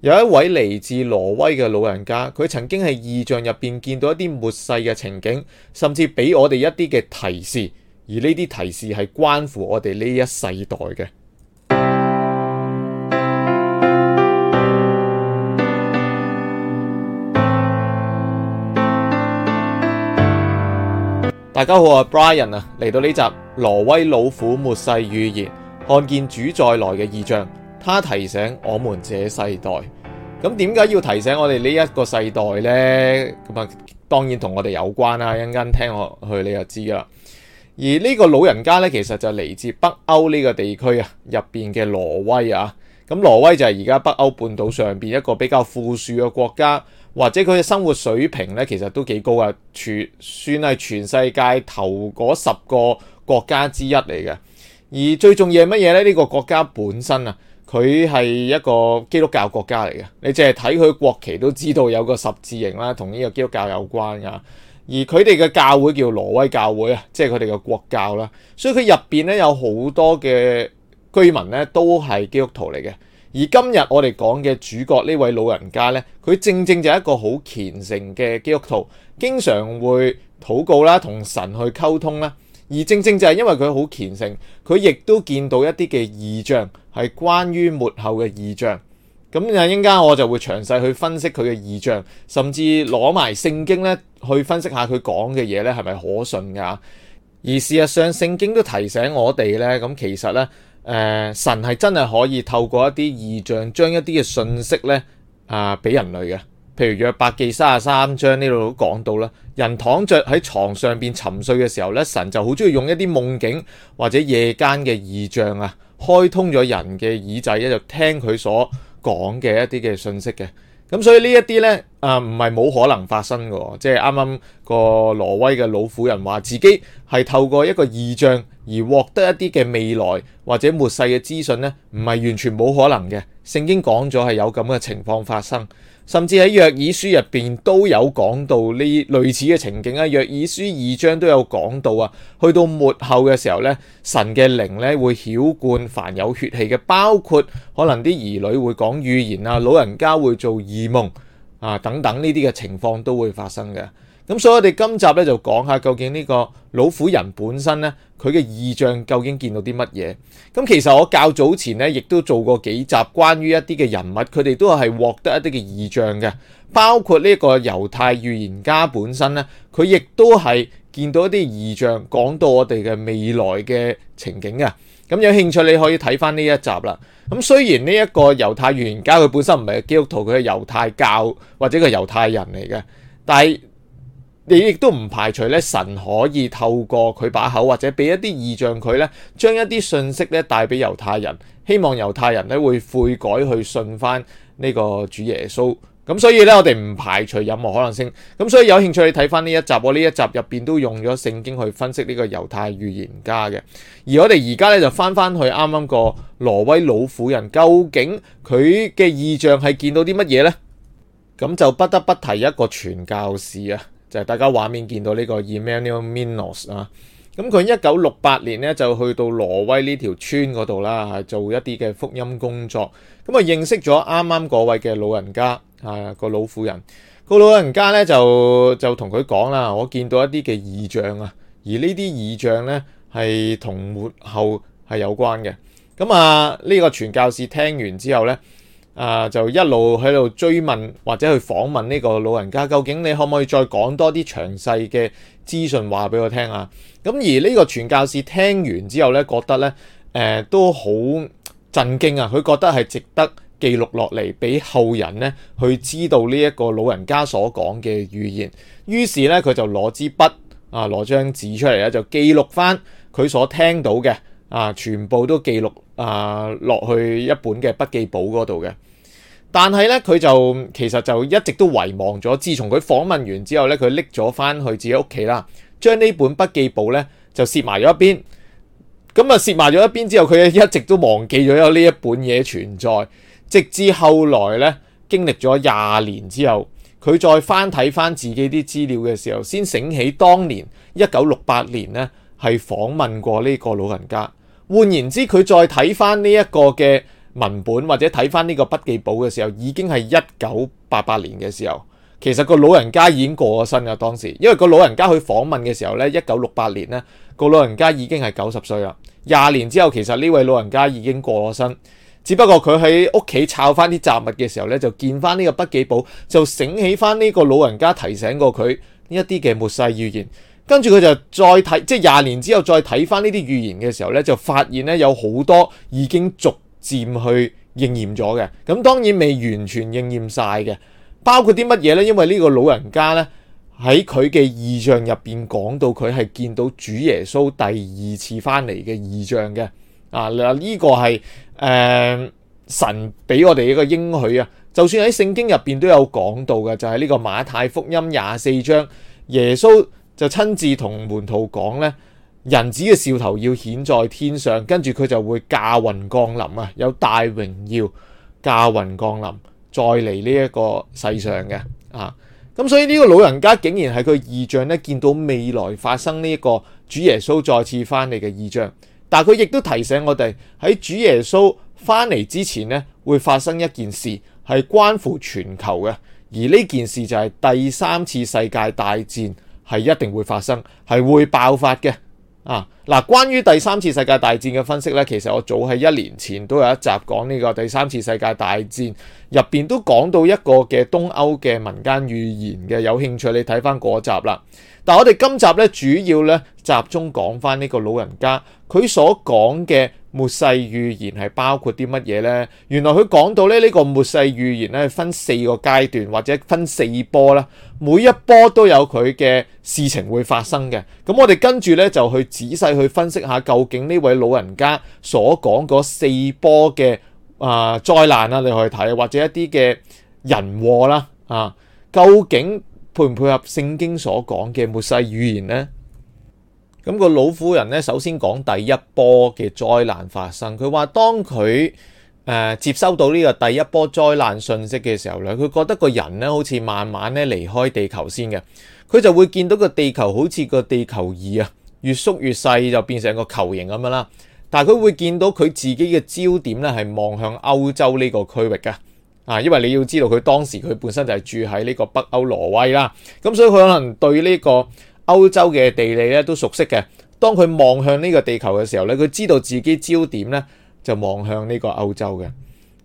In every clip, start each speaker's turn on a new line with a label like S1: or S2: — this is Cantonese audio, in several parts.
S1: 有一位嚟自挪威嘅老人家，佢曾經喺異象入邊見到一啲末世嘅情景，甚至俾我哋一啲嘅提示，而呢啲提示係關乎我哋呢一世代嘅。 大家好啊，Brian 啊，嚟到呢集《挪威老婦末世預言》，看見主再嚟嘅異象。她提醒我們這世代。咁點解要提醒我哋呢一個世代呢？咁啊，當然同我哋有關啦。一陣間聽落去，你就知㗎啦。而呢個老人家呢，其實就嚟自北歐呢個地區啊，入邊嘅挪威啊。咁挪威就係而家北歐半島上邊一個比較富庶嘅國家，或者佢嘅生活水平呢，其實都幾高啊。全算係全世界頭嗰十個國家之一嚟嘅。而最重要係乜嘢呢？呢、這個國家本身啊～佢係一個基督教國家嚟嘅，你淨係睇佢國旗都知道有個十字形啦，同呢個基督教有關噶而佢哋嘅教會叫挪威教會啊，即係佢哋嘅國教啦。所以佢入邊咧有好多嘅居民咧都係基督徒嚟嘅。而今日我哋講嘅主角呢位老人家咧，佢正正就係一個好虔誠嘅基督徒，經常會禱告啦，同神去溝通啦。而正正就係因為佢好虔誠，佢亦都見到一啲嘅異象，係關於末後嘅異象。咁啊，一陣間我就會詳細去分析佢嘅異象，甚至攞埋聖經咧去分析下佢講嘅嘢咧係咪可信噶？而事實上，聖經都提醒我哋咧，咁其實咧，誒、呃、神係真係可以透過一啲異象將一啲嘅信息咧啊俾人類嘅。譬如《約伯記》三十三章呢度都講到啦，人躺着喺床上邊沉睡嘅時候咧，神就好中意用一啲夢境或者夜間嘅異象啊，開通咗人嘅耳仔，咧就聽佢所講嘅一啲嘅信息嘅。咁所以呢一啲咧啊，唔係冇可能發生嘅，即係啱啱個挪威嘅老婦人話自己係透過一個異象而獲得一啲嘅未來或者末世嘅資訊咧，唔係完全冇可能嘅。聖經講咗係有咁嘅情況發生。甚至喺約珥書入邊都有講到呢類似嘅情景啊，約珥書二章都有講到啊。去到末後嘅時候咧，神嘅靈咧會澆灌凡有血氣嘅，包括可能啲兒女會講預言啊，老人家會做異夢。啊，等等呢啲嘅情況都會發生嘅。咁所以我哋今集咧就講下究竟呢個老婦人本身咧，佢嘅異象究竟見到啲乜嘢？咁其實我較早前咧，亦都做過幾集關於一啲嘅人物，佢哋都係獲得一啲嘅異象嘅。包括呢個猶太預言家本身咧，佢亦都係見到一啲異象，講到我哋嘅未來嘅情景嘅。咁有興趣你可以睇返呢一集啦。咁雖然呢一個猶太預言家佢本身唔係基督徒，佢係猶太教或者係猶太人嚟嘅，但係你亦都唔排除咧神可以透過佢把口或者俾一啲異象佢咧，將一啲信息咧帶俾猶太人，希望猶太人咧會悔改去信翻呢個主耶穌。咁所以咧我哋唔排除任何可能性。咁所以有興趣你睇翻呢一集，我呢一集入邊都用咗聖經去分析呢個猶太預言家嘅。而我哋而家咧就翻翻去啱啱個挪威老婦人究竟佢嘅異象係見到啲乜嘢呢？咁就不得不提一個傳教士啊，就係大家畫面見到呢個 Emanuel Minos 啊。咁佢一九六八年咧就去到挪威呢條村嗰度啦，做一啲嘅福音工作。咁啊，認識咗啱啱嗰位嘅老人家啊、個老婦人。個老人家咧就就同佢講啦，我見到一啲嘅異象啊，而呢啲異象咧係同末後係有關嘅。咁啊，呢個傳教士聽完之後呢，啊、呃、就一路喺度追問或者去訪問呢個老人家，究竟你可唔可以再講多啲詳細嘅資訊話俾我聽啊？咁而呢個傳教士聽完之後呢，覺得呢誒、呃、都好震驚啊！佢覺得係值得記錄落嚟，俾後人呢去知道呢一個老人家所講嘅預言。於是呢，佢就攞支筆啊，攞張紙出嚟咧，就記錄翻佢所聽到嘅啊，全部都記錄。啊，落去一本嘅筆記簿嗰度嘅，但係呢，佢就其實就一直都遺忘咗。自從佢訪問完之後呢，佢拎咗翻去自己屋企啦，將呢本筆記簿呢就攝埋咗一邊。咁啊，攝埋咗一邊之後，佢一直都忘記咗有呢一本嘢存在，直至後來呢，經歷咗廿年之後，佢再翻睇翻自己啲資料嘅時候，先醒起當年一九六八年呢，係訪問過呢個老人家。換言之，佢再睇翻呢一個嘅文本或者睇翻呢個筆記簿嘅時候，已經係一九八八年嘅時候。其實個老人家已經過咗身啦。當時，因為個老人家去訪問嘅時候呢，一九六八年呢，個老人家已經係九十歲啦。廿年之後，其實呢位老人家已經過咗身，只不過佢喺屋企抄翻啲雜物嘅時候呢，就見翻呢個筆記簿，就醒起翻呢個老人家提醒過佢呢一啲嘅末世預言。跟住佢就再睇，即係廿年之後再睇翻呢啲預言嘅時候呢，就發現呢，有好多已經逐漸去應驗咗嘅。咁當然未完全應驗晒嘅，包括啲乜嘢呢？因為呢個老人家呢，喺佢嘅異象入邊講到佢係見到主耶穌第二次翻嚟嘅異象嘅。啊，嗱、這、呢個係誒、呃、神俾我哋一個應許啊。就算喺聖經入邊都有講到嘅，就係、是、呢個馬太福音廿四章耶穌。就親自同門徒講咧，人子嘅兆頭要顯在天上，跟住佢就會駕雲降臨啊，有大榮耀駕雲降臨，再嚟呢一個世上嘅啊。咁所以呢個老人家竟然喺佢異象咧，見到未來發生呢一個主耶穌再次翻嚟嘅異象。但係佢亦都提醒我哋喺主耶穌翻嚟之前咧，會發生一件事係關乎全球嘅，而呢件事就係第三次世界大戰。係一定會發生，係會爆發嘅啊！嗱，關於第三次世界大戰嘅分析呢，其實我早喺一年前都有一集講呢個第三次世界大戰，入邊都講到一個嘅東歐嘅民間預言嘅，有興趣你睇翻嗰集啦。但我哋今集呢，主要呢集中講翻呢個老人家佢所講嘅。末世預言係包括啲乜嘢呢？原來佢講到咧呢個末世預言咧分四個階段或者分四波啦，每一波都有佢嘅事情會發生嘅。咁我哋跟住咧就去仔細去分析下，究竟呢位老人家所講嗰四波嘅啊，呃、災難啊，你去睇或者一啲嘅人禍啦啊，究竟配唔配合聖經所講嘅末世預言呢？咁個老婦人咧，首先講第一波嘅災難發生。佢話當佢誒、呃、接收到呢個第一波災難訊息嘅時候咧，佢覺得個人咧好似慢慢咧離開地球先嘅。佢就會見到個地球好似個地球儀啊，越縮越細就變成個球形咁樣啦。但係佢會見到佢自己嘅焦點咧係望向歐洲呢個區域㗎。啊，因為你要知道佢當時佢本身就係住喺呢個北歐挪威啦。咁所以佢可能對呢、這個歐洲嘅地理咧都熟悉嘅，當佢望向呢個地球嘅時候咧，佢知道自己焦點咧就望向呢個歐洲嘅。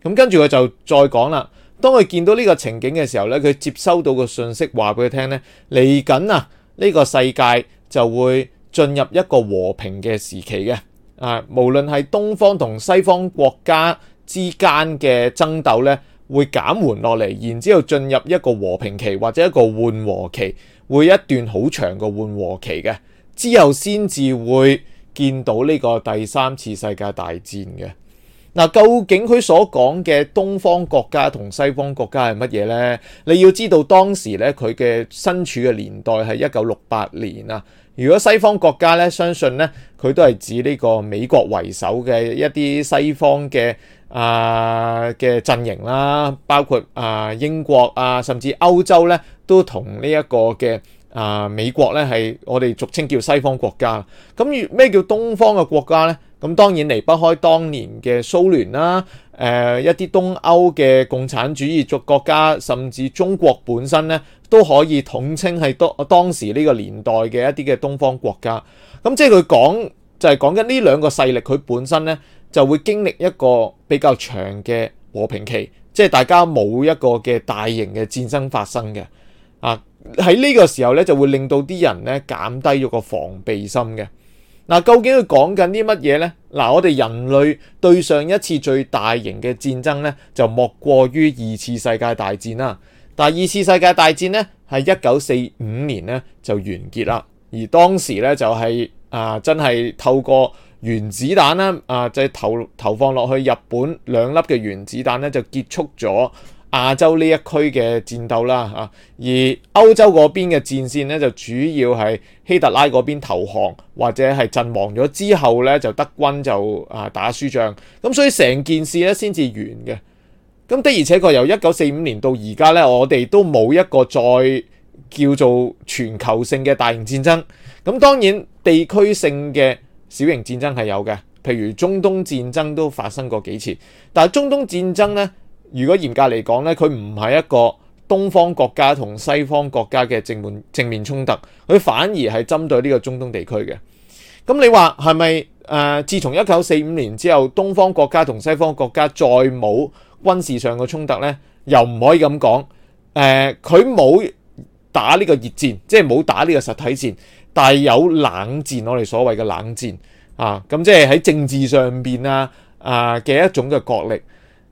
S1: 咁跟住佢就再講啦。當佢見到呢個情景嘅時候咧，佢接收到個信息，話俾佢聽咧，嚟緊啊呢個世界就會進入一個和平嘅時期嘅。啊，無論係東方同西方國家之間嘅爭鬥咧。會減緩落嚟，然之後進入一個和平期或者一個緩和期，會一段好長嘅緩和期嘅，之後先至會見到呢個第三次世界大戰嘅。嗱，啊，究竟佢所講嘅東方國家同西方國家係乜嘢呢？你要知道當時咧佢嘅身處嘅年代係一九六八年啊。如果西方國家咧，相信呢佢都係指呢個美國為首嘅一啲西方嘅。啊嘅陣營啦，包括啊英國啊，甚至歐洲咧，都同呢一個嘅啊美國咧，係我哋俗稱叫西方國家。咁咩叫東方嘅國家咧？咁當然離不開當年嘅蘇聯啦，誒、啊、一啲東歐嘅共產主義族國家，甚至中國本身咧，都可以統稱係當當時呢個年代嘅一啲嘅東方國家。咁即係佢講就係、是、講緊呢兩個勢力，佢本身咧。就會經歷一個比較長嘅和平期，即係大家冇一個嘅大型嘅戰爭發生嘅。啊，喺呢個時候咧，就會令到啲人咧減低咗個防備心嘅。嗱、啊，究竟佢講緊啲乜嘢呢？嗱、啊，我哋人類對上一次最大型嘅戰爭咧，就莫過於二次世界大戰啦。但係二次世界大戰咧，係一九四五年咧就完結啦。而當時咧就係、是、啊，真係透過，原子彈啦，啊，即係投投放落去日本兩粒嘅原子彈咧，就結束咗亞洲呢一區嘅戰鬥啦。啊，而歐洲嗰邊嘅戰線咧，就主要係希特拉嗰邊投降或者係陣亡咗之後咧，就德軍就啊打輸仗咁，所以成件事咧先至完嘅。咁的而且確由一九四五年到而家咧，我哋都冇一個再叫做全球性嘅大型戰爭。咁當然地區性嘅。小型戰爭係有嘅，譬如中東戰爭都發生過幾次。但係中東戰爭呢，如果嚴格嚟講呢，佢唔係一個東方國家同西方國家嘅正面正面衝突，佢反而係針對呢個中東地區嘅。咁你話係咪誒？自從一九四五年之後，東方國家同西方國家再冇軍事上嘅衝突呢？又唔可以咁講。誒、呃，佢冇打呢個熱戰，即係冇打呢個實體戰，但係有冷戰。我哋所謂嘅冷戰啊，咁即係喺政治上邊啊，啊嘅一種嘅角力。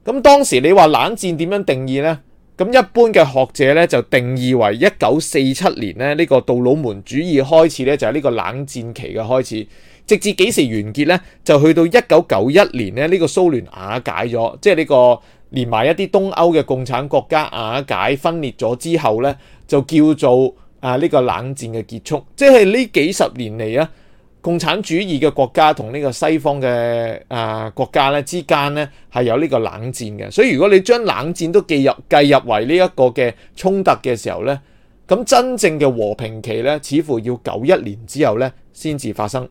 S1: 咁當時你話冷戰點樣定義呢？咁一般嘅學者呢，就定義為一九四七年呢，呢個杜魯門主義開始呢，就係呢個冷戰期嘅開始，直至幾時完結呢，就去到一九九一年呢，呢個蘇聯瓦解咗，即係呢個連埋一啲東歐嘅共產國家瓦解分裂咗之後呢。就叫做啊呢個冷戰嘅結束，即係呢幾十年嚟啊，共產主義嘅國家同呢個西方嘅啊國家咧之間咧係有呢個冷戰嘅，所以如果你將冷戰都計入計入為呢一個嘅衝突嘅時候咧，咁真正嘅和平期咧似乎要九一年之後咧先至發生。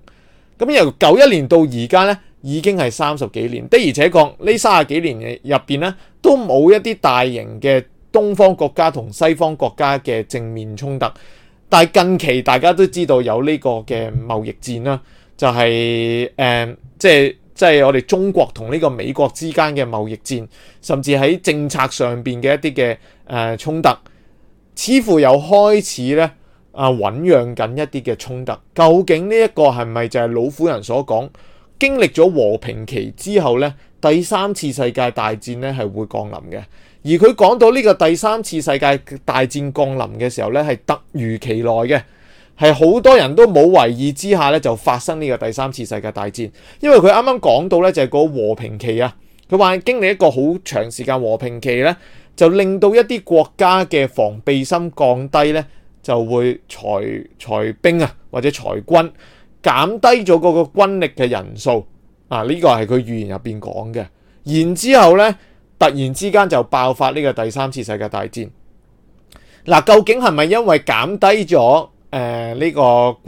S1: 咁由九一年到而家咧已經係三十幾年，的而且確呢三十幾年入邊咧都冇一啲大型嘅東方國家同西方國家嘅正面衝突，但係近期大家都知道有呢個嘅貿易戰啦，就係、是、誒，即係即係我哋中國同呢個美國之間嘅貿易戰，甚至喺政策上面嘅一啲嘅誒衝突，似乎又開始咧啊，醖釀緊一啲嘅衝突。究竟呢一個係咪就係老婦人所講經歷咗和平期之後咧，第三次世界大戰咧係會降臨嘅？而佢講到呢個第三次世界大戰降臨嘅時候呢係突如其來嘅，係好多人都冇為意之下呢就發生呢個第三次世界大戰。因為佢啱啱講到呢，就係嗰和平期啊，佢話經歷一個好長時間和平期呢，就令到一啲國家嘅防備心降低呢就會裁裁兵啊或者裁軍，減低咗嗰個軍力嘅人數啊，呢個係佢預言入邊講嘅。然之後呢，突然之間就爆發呢個第三次世界大戰，嗱、啊，究竟係咪因為減低咗誒呢個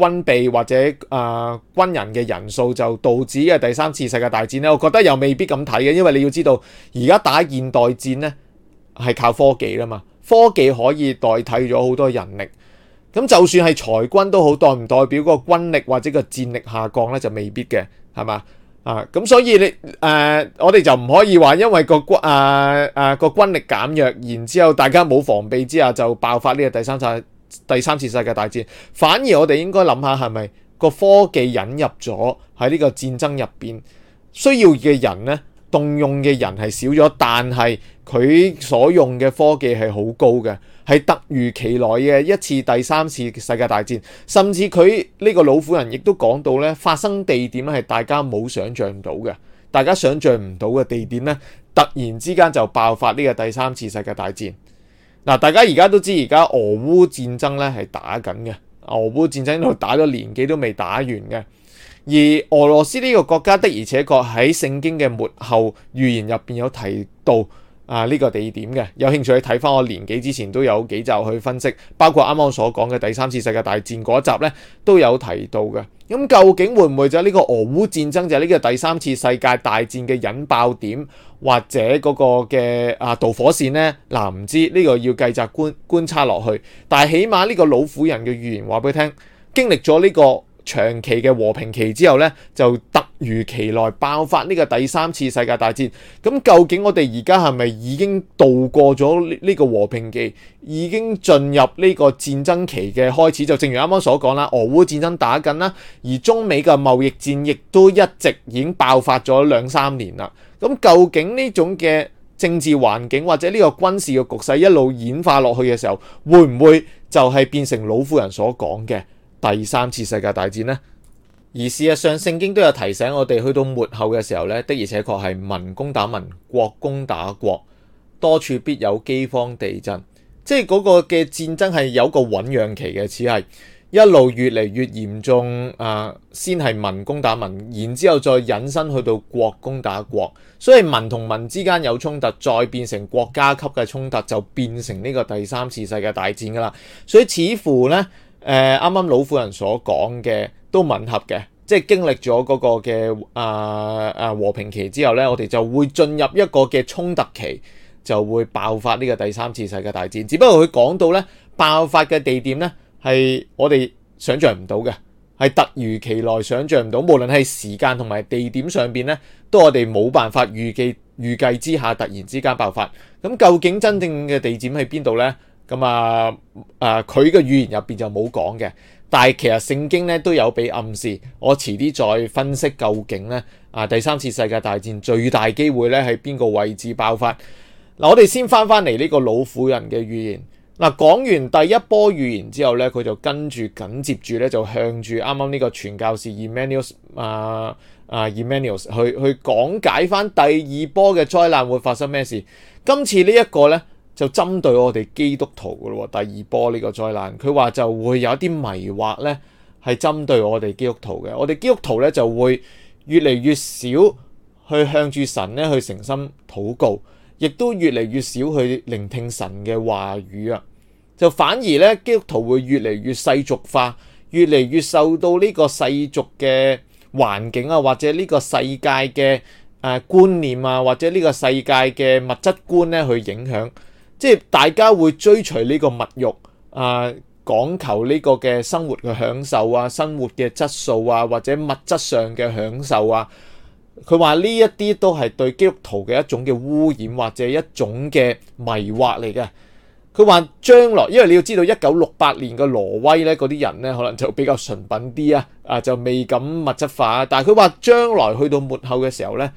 S1: 軍備或者啊、呃、軍人嘅人數就導致嘅第三次世界大戰呢？我覺得又未必咁睇嘅，因為你要知道而家打現代戰呢，係靠科技啦嘛，科技可以代替咗好多人力，咁就算係裁軍都好，代唔代表個軍力或者個戰力下降呢，就未必嘅，係嘛？啊，咁所以你誒、呃，我哋就唔可以話，因為個軍誒誒個軍力減弱，然之後大家冇防備之下就爆發呢個第三次第三次世界大戰。反而我哋應該諗下，係咪個科技引入咗喺呢個戰爭入邊需要嘅人呢？動用嘅人係少咗，但係佢所用嘅科技係好高嘅，係突如其來嘅一次第三次世界大戰，甚至佢呢個老婦人亦都講到呢，發生地點咧係大家冇想象到嘅，大家想象唔到嘅地點呢，突然之間就爆發呢個第三次世界大戰。嗱，大家而家都知而家俄烏戰爭咧係打緊嘅，俄烏戰爭打都打咗年幾都未打完嘅。而俄羅斯呢個國家的而且確喺聖經嘅末後預言入邊有提到啊呢、呢個地點嘅，有興趣去睇翻我年幾之前都有幾集去分析，包括啱啱所講嘅第三次世界大戰嗰一集呢，都有提到嘅。咁、嗯、究竟會唔會就呢個俄烏戰爭就係呢個第三次世界大戰嘅引爆點或者嗰個嘅啊導火線呢？嗱、啊、唔知呢、呢個要繼續觀觀察落去，但係起碼呢個老婦人嘅預言話俾你聽，經歷咗呢、呢個。長期嘅和平期之後呢，就突如其來爆發呢個第三次世界大戰。咁究竟我哋而家係咪已經度過咗呢個和平期，已經進入呢個戰爭期嘅開始？就正如啱啱所講啦，俄烏戰爭打緊啦，而中美嘅貿易戰亦都一直已經爆發咗兩三年啦。咁究竟呢種嘅政治環境或者呢個軍事嘅局勢一路演化落去嘅時候，會唔會就係變成老婦人所講嘅？第三次世界大戰呢，而事實上聖經都有提醒我哋，去到末後嘅時候呢，的而且確係民攻打民，國攻打國，多處必有饑荒地震，即係嗰個嘅戰爭係有個醖釀期嘅，似係一路越嚟越嚴重，誒、呃，先係民攻打民，然之後再引申去到國攻打國，所以民同民之間有衝突，再變成國家級嘅衝突，就變成呢個第三次世界大戰噶啦，所以似乎呢。誒，啱啱老婦人所講嘅都吻合嘅，即係經歷咗嗰個嘅啊啊和平期之後咧，我哋就會進入一個嘅衝突期，就會爆發呢個第三次世界大戰。只不過佢講到咧，爆發嘅地點咧係我哋想象唔到嘅，係突如其來想象唔到，無論係時間同埋地點上邊咧，都我哋冇辦法預計預計之下突然之間爆發。咁究竟真正嘅地點喺邊度咧？咁啊，啊佢嘅語言入邊就冇講嘅，但係其實聖經咧都有俾暗示，我遲啲再分析究竟咧，啊第三次世界大戰最大機會咧喺邊個位置爆發。嗱、嗯，我哋先翻翻嚟呢個老婦人嘅預言。嗱、啊，講完第一波預言之後咧，佢就跟住緊接住咧就向住啱啱呢個傳教士 Emmanuel 啊啊 Emmanuel 去去講解翻第二波嘅災難會發生咩事。今次呢一個咧。就針對我哋基督徒嘅咯，第二波呢個災難，佢話就會有一啲迷惑呢係針對我哋基督徒嘅。我哋基督徒呢就會越嚟越少去向住神呢去誠心禱告，亦都越嚟越少去聆聽神嘅話語啊。就反而呢，基督徒會越嚟越世俗化，越嚟越受到呢個世俗嘅環境啊，或者呢個世界嘅誒、呃、觀念啊，或者呢個世界嘅物質觀呢去影響。即係大家會追隨呢個物欲啊，講求呢個嘅生活嘅享受啊，生活嘅質素啊，或者物質上嘅享受啊。佢話呢一啲都係對基督徒嘅一種嘅污染，或者一種嘅迷惑嚟嘅。佢話將來，因為你要知道，一九六八年嘅挪威咧，嗰啲人咧，可能就比較純品啲啊，啊就未咁物質化。但係佢話將來去到末後嘅時候咧，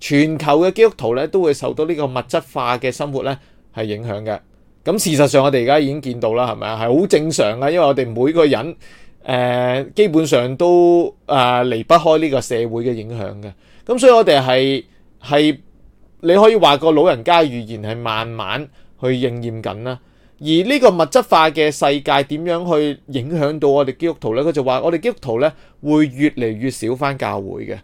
S1: 全球嘅基督徒咧都會受到呢個物質化嘅生活咧。係影響嘅，咁事實上我哋而家已經見到啦，係咪啊？係好正常嘅，因為我哋每個人誒、呃，基本上都啊、呃、離不開呢個社會嘅影響嘅。咁所以我哋係係你可以話個老人家預言係慢慢去應驗緊啦。而呢個物質化嘅世界點樣去影響到我哋基督徒呢？佢就話我哋基督徒呢，會越嚟越少翻教會嘅，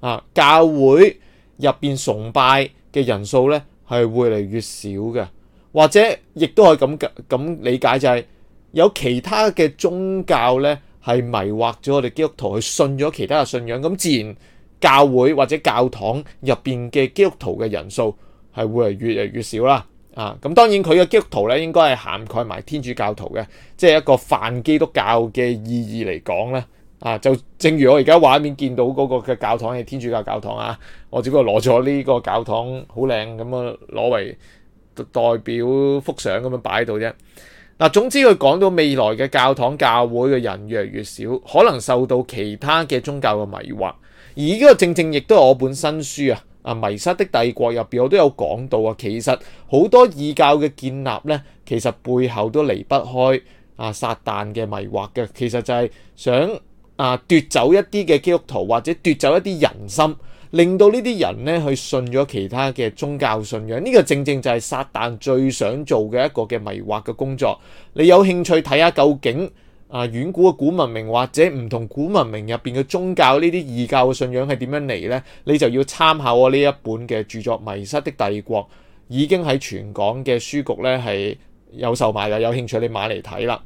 S1: 啊，教會入邊崇拜嘅人數呢，係會越嚟越少嘅。或者亦都可以咁咁理解，就係有其他嘅宗教咧，係迷惑咗我哋基督徒去信咗其他嘅信仰，咁自然教會或者教堂入邊嘅基督徒嘅人數係會係越嚟越少啦。啊，咁當然佢嘅基督徒咧，應該係涵蓋埋天主教徒嘅，即係一個泛基督教嘅意義嚟講咧。啊，就正如我而家畫面見到嗰個嘅教堂係天主教教堂啊，我只不過攞咗呢個教堂好靚咁啊攞嚟。代表幅相咁樣擺喺度啫。嗱，總之佢講到未來嘅教堂教會嘅人越嚟越少，可能受到其他嘅宗教嘅迷惑。而呢個正正亦都係我本新書啊啊迷失的帝國入面，我都有講到啊。其實好多異教嘅建立呢，其實背後都離不開啊撒旦嘅迷惑嘅。其實就係想啊奪走一啲嘅基督徒或者奪走一啲人心。令到呢啲人咧去信咗其他嘅宗教信仰，呢、這個正正就係撒旦最想做嘅一個嘅迷惑嘅工作。你有興趣睇下究竟啊遠古嘅古文明或者唔同古文明入邊嘅宗教呢啲異教嘅信仰係點樣嚟呢？你就要參考我呢一本嘅著作《迷失的帝國》，已經喺全港嘅書局咧係有售賣嘅。有興趣你買嚟睇啦。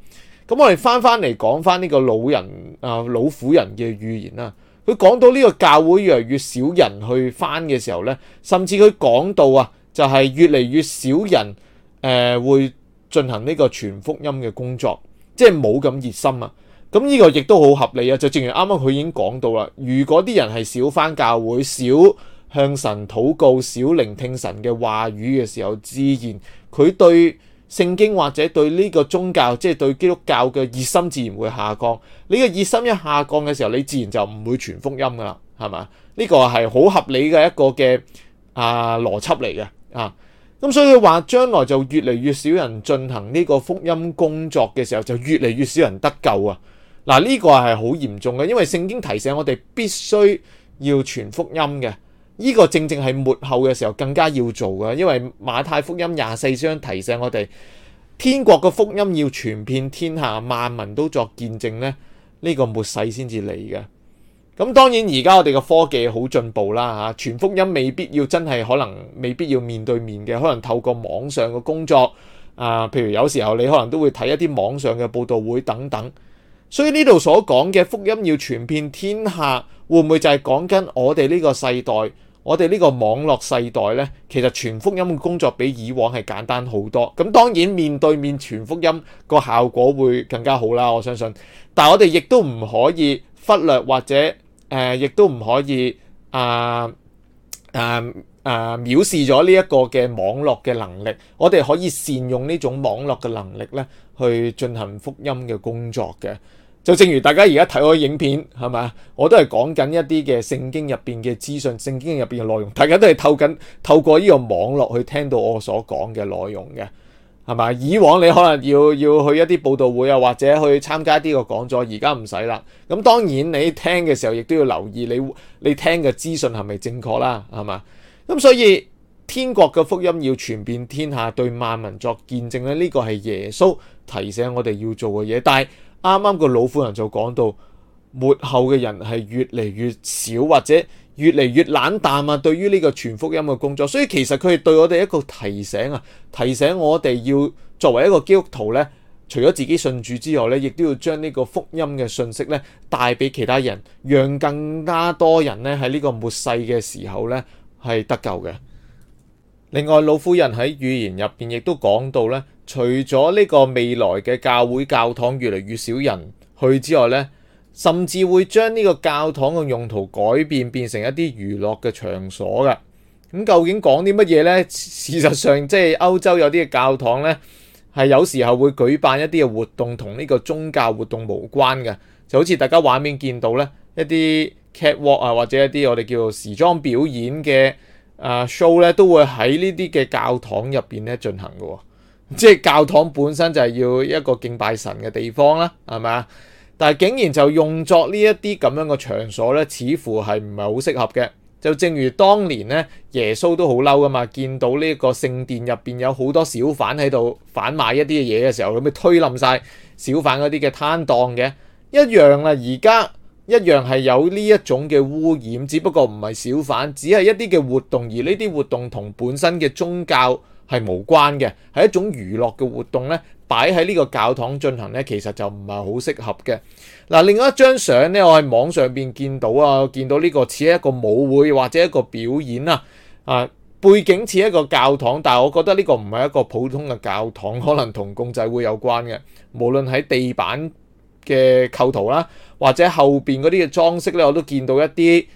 S1: 咁我哋翻翻嚟講翻呢個老人啊老婦人嘅預言啦。佢講到呢個教會越嚟越少人去翻嘅時候呢，甚至佢講到啊，就係越嚟越少人誒、呃、會進行呢個傳福音嘅工作，即係冇咁熱心啊。咁呢個亦都好合理啊。就正如啱啱佢已經講到啦，如果啲人係少翻教會、少向神禱告、少聆聽神嘅話語嘅時候，自然佢對，聖經或者對呢個宗教，即係對基督教嘅熱心，自然會下降。你嘅熱心一下降嘅時候，你自然就唔會傳福音噶啦，係咪啊？呢個係好合理嘅一個嘅啊邏輯嚟嘅啊。咁所以話將來就越嚟越少人進行呢個福音工作嘅時候，就越嚟越少人得救啊！嗱，呢個係好嚴重嘅，因為聖經提醒我哋必須要傳福音嘅。呢個正正係末後嘅時候更加要做㗎，因為馬太福音廿四章提醒我哋，天國嘅福音要傳遍天下萬民都作見證咧，呢、呢個末世先至嚟嘅。咁當然而家我哋嘅科技好進步啦吓，傳福音未必要真係可能未必要面對面嘅，可能透過網上嘅工作啊，譬如有時候你可能都會睇一啲網上嘅報道會等等。所以呢度所講嘅福音要傳遍天下，會唔會就係講緊我哋呢個世代，我哋呢個網絡世代呢？其實傳福音嘅工作比以往係簡單好多。咁當然面對面傳福音個效果會更加好啦，我相信。但係我哋亦都唔可以忽略或者誒，亦都唔可以啊啊啊藐視咗呢一個嘅網絡嘅能力。我哋可以善用呢種網絡嘅能力呢，去進行福音嘅工作嘅。就正如大家而家睇我影片，係嘛？我都係講緊一啲嘅聖經入邊嘅資訊，聖經入邊嘅內容。大家都係透緊透過呢個網絡去聽到我所講嘅內容嘅，係嘛？以往你可能要要去一啲報道會啊，或者去參加一啲嘅講座，而家唔使啦。咁當然你聽嘅時候，亦都要留意你你聽嘅資訊係咪正確啦？係嘛？咁所以天國嘅福音要傳遍天下，對萬民作見證咧，呢個係耶穌提醒我哋要做嘅嘢，但係。啱啱個老婦人就講到，末後嘅人係越嚟越少，或者越嚟越冷淡啊，對於呢個全福音嘅工作。所以其實佢哋對我哋一個提醒啊，提醒我哋要作為一個基督徒咧，除咗自己信主之外咧，亦都要將呢個福音嘅信息咧帶俾其他人，讓更加多人咧喺呢個末世嘅時候咧係得救嘅。另外老婦人喺預言入邊亦都講到咧。除咗呢個未來嘅教會教堂越嚟越少人去之外呢，甚至會將呢個教堂嘅用途改變，變成一啲娛樂嘅場所嘅。咁究竟講啲乜嘢呢？事實上，即係歐洲有啲嘅教堂呢，係有時候會舉辦一啲嘅活動，同呢個宗教活動無關嘅，就好似大家畫面見到呢一啲 catwalk 啊，或者一啲我哋叫做時裝表演嘅 show 呢，都會喺呢啲嘅教堂入邊呢進行嘅。即係教堂本身就係要一個敬拜神嘅地方啦，係咪啊？但係竟然就用作呢一啲咁樣嘅場所咧，似乎係唔係好適合嘅？就正如當年咧，耶穌都好嬲噶嘛，見到呢個聖殿入邊有好多小販喺度販賣一啲嘢嘅時候，佢咪推冧晒小販嗰啲嘅攤檔嘅一樣啦，啊。而家一樣係有呢一種嘅污染，只不過唔係小販，只係一啲嘅活動，而呢啲活動同本身嘅宗教，係無關嘅，係一種娛樂嘅活動呢，擺喺呢個教堂進行呢，其實就唔係好適合嘅。嗱，另外一張相呢，我喺網上邊見到啊，見到呢個似一個舞會或者一個表演啊，背景似一個教堂，但係我覺得呢個唔係一個普通嘅教堂，可能同共濟會有關嘅。無論喺地板嘅構圖啦，或者後邊嗰啲嘅裝飾呢，我都見到一啲。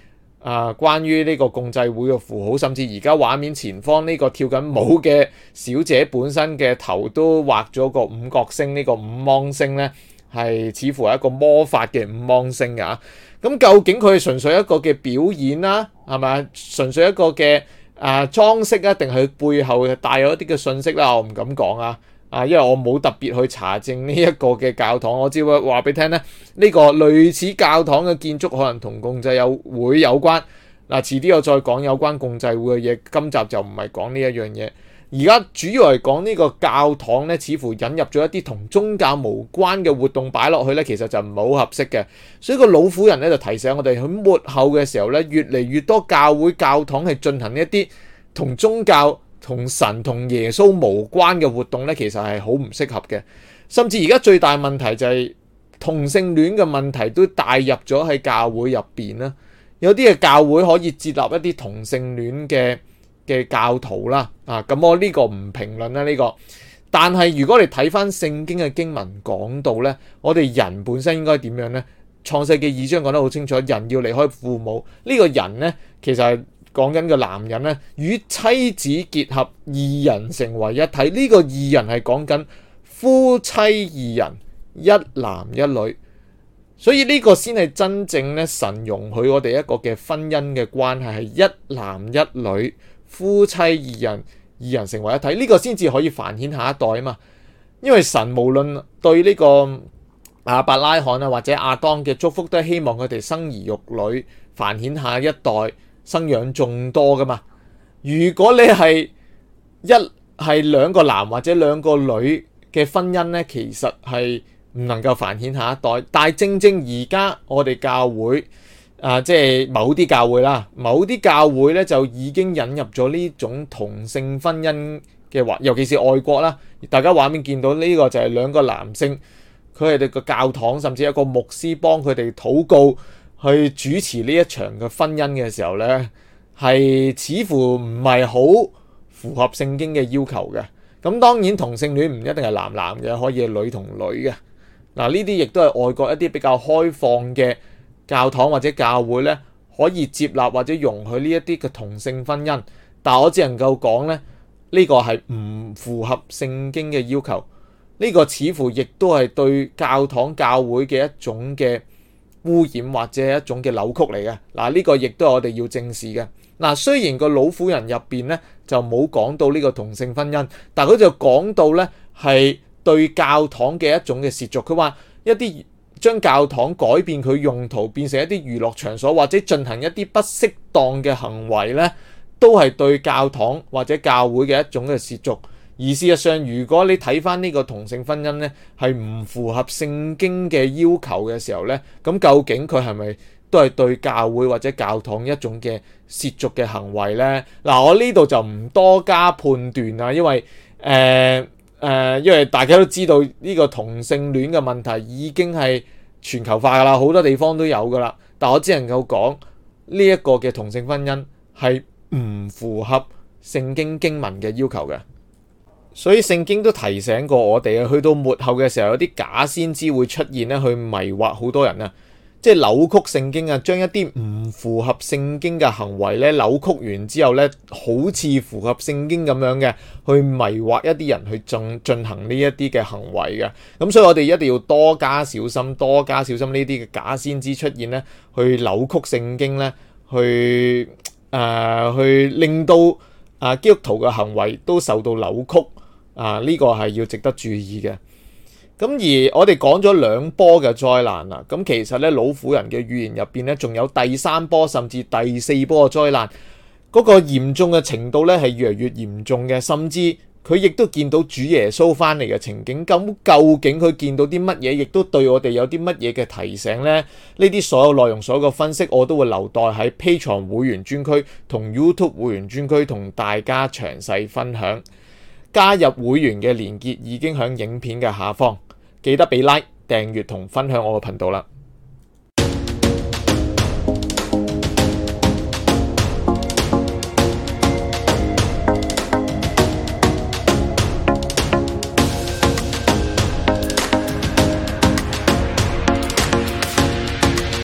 S1: 啊！關於呢個共濟會嘅符號，甚至而家畫面前方呢個跳緊舞嘅小姐本身嘅頭都畫咗個五角星，呢個五芒星咧，係似乎係一個魔法嘅五芒星嘅嚇。咁究竟佢係純粹一個嘅表演啦，係咪啊？純粹一個嘅啊裝飾啊，定係背後帶有一啲嘅信息啦？我唔敢講啊！啊，因為我冇特別去查證呢一個嘅教堂，我只會話俾你聽咧。呢個類似教堂嘅建築，可能同共濟有會有關。嗱，遲啲我再講有關共濟會嘅嘢。今集就唔係講呢一樣嘢。而家主要係講呢個教堂咧，似乎引入咗一啲同宗教無關嘅活動擺落去咧，其實就唔係好合適嘅。所以個老婦人咧就提醒我哋喺末後嘅時候咧，越嚟越多教會教堂係進行一啲同宗教。同神同耶穌無關嘅活動咧，其實係好唔適合嘅。甚至而家最大問題就係同性戀嘅問題都帶入咗喺教會入邊啦。有啲嘅教會可以接納一啲同性戀嘅嘅教徒啦。啊，咁我呢個唔評論啦呢個。但係如果你睇返聖經嘅經文講到咧，我哋人本身應該點樣咧？創世記二章講得好清楚，人要離開父母。呢個人咧，其實係。講緊個男人咧，與妻子結合，二人成為一體。呢個二人係講緊夫妻二人，一男一女。所以呢個先係真正咧，神容許我哋一個嘅婚姻嘅關係係一男一女，夫妻二人，二人成為一體。呢個先至可以繁衍下一代啊嘛。因為神無論對呢個阿伯拉罕啊或者阿當嘅祝福，都係希望佢哋生兒育女，繁衍下一代。生養眾多噶嘛？如果你係一係兩個男或者兩個女嘅婚姻呢，其實係唔能夠繁衍下一代。但係正正而家我哋教會啊，即係某啲教會啦，某啲教會呢，就已經引入咗呢種同性婚姻嘅話，尤其是外國啦。大家畫面見到呢個就係兩個男性，佢哋個教堂甚至有個牧師幫佢哋禱告。去主持呢一場嘅婚姻嘅時候呢，係似乎唔係好符合聖經嘅要求嘅。咁當然同性戀唔一定係男男嘅，可以係女同女嘅。嗱呢啲亦都係外國一啲比較開放嘅教堂或者教會呢，可以接納或者容許呢一啲嘅同性婚姻。但我只能夠講呢，呢個係唔符合聖經嘅要求。呢個似乎亦都係對教堂教會嘅一種嘅污染或者係一種嘅扭曲嚟嘅，嗱，呢個亦都係我哋要正視嘅。嗱，雖然個老婦人入邊咧就冇講到呢個同性婚姻，但係佢就講到咧係對教堂嘅一種嘅褻瀆。佢話一啲將教堂改變佢用途，變成一啲娛樂場所，或者進行一啲不適當嘅行為咧，都係對教堂或者教會嘅一種嘅褻瀆。而事實上，如果你睇翻呢個同性婚姻咧，係唔符合聖經嘅要求嘅時候咧，咁究竟佢係咪都係對教會或者教堂一種嘅涉俗嘅行為咧？嗱，我呢度就唔多加判斷啦，因為誒誒、呃呃，因為大家都知道呢個同性戀嘅問題已經係全球化噶啦，好多地方都有噶啦。但我只能夠講呢一個嘅同性婚姻係唔符合聖經經文嘅要求嘅。所以聖經都提醒過我哋啊，去到末後嘅時候，有啲假先知會出現咧，去迷惑好多人啊，即係扭曲聖經啊，將一啲唔符合聖經嘅行為咧，扭曲完之後咧，好似符合聖經咁樣嘅，去迷惑一啲人去進進行呢一啲嘅行為嘅。咁所以我哋一定要多加小心，多加小心呢啲嘅假先知出現咧，去扭曲聖經咧，去誒、呃、去令到啊基督徒嘅行為都受到扭曲。啊！呢、這個係要值得注意嘅。咁而我哋講咗兩波嘅災難啦。咁其實呢，老婦人嘅預言入邊呢，仲有第三波甚至第四波嘅災難。嗰、那個嚴重嘅程度呢，係越嚟越嚴重嘅。甚至佢亦都見到主耶穌翻嚟嘅情景。咁究竟佢見到啲乜嘢？亦都對我哋有啲乜嘢嘅提醒呢？呢啲所有內容所有嘅分析，我都會留待喺 Patreon 會員專區同 YouTube 會員專區同大家詳細分享。加入會員嘅連結已經響影片嘅下方，記得俾 e 訂閱同分享我嘅頻道啦。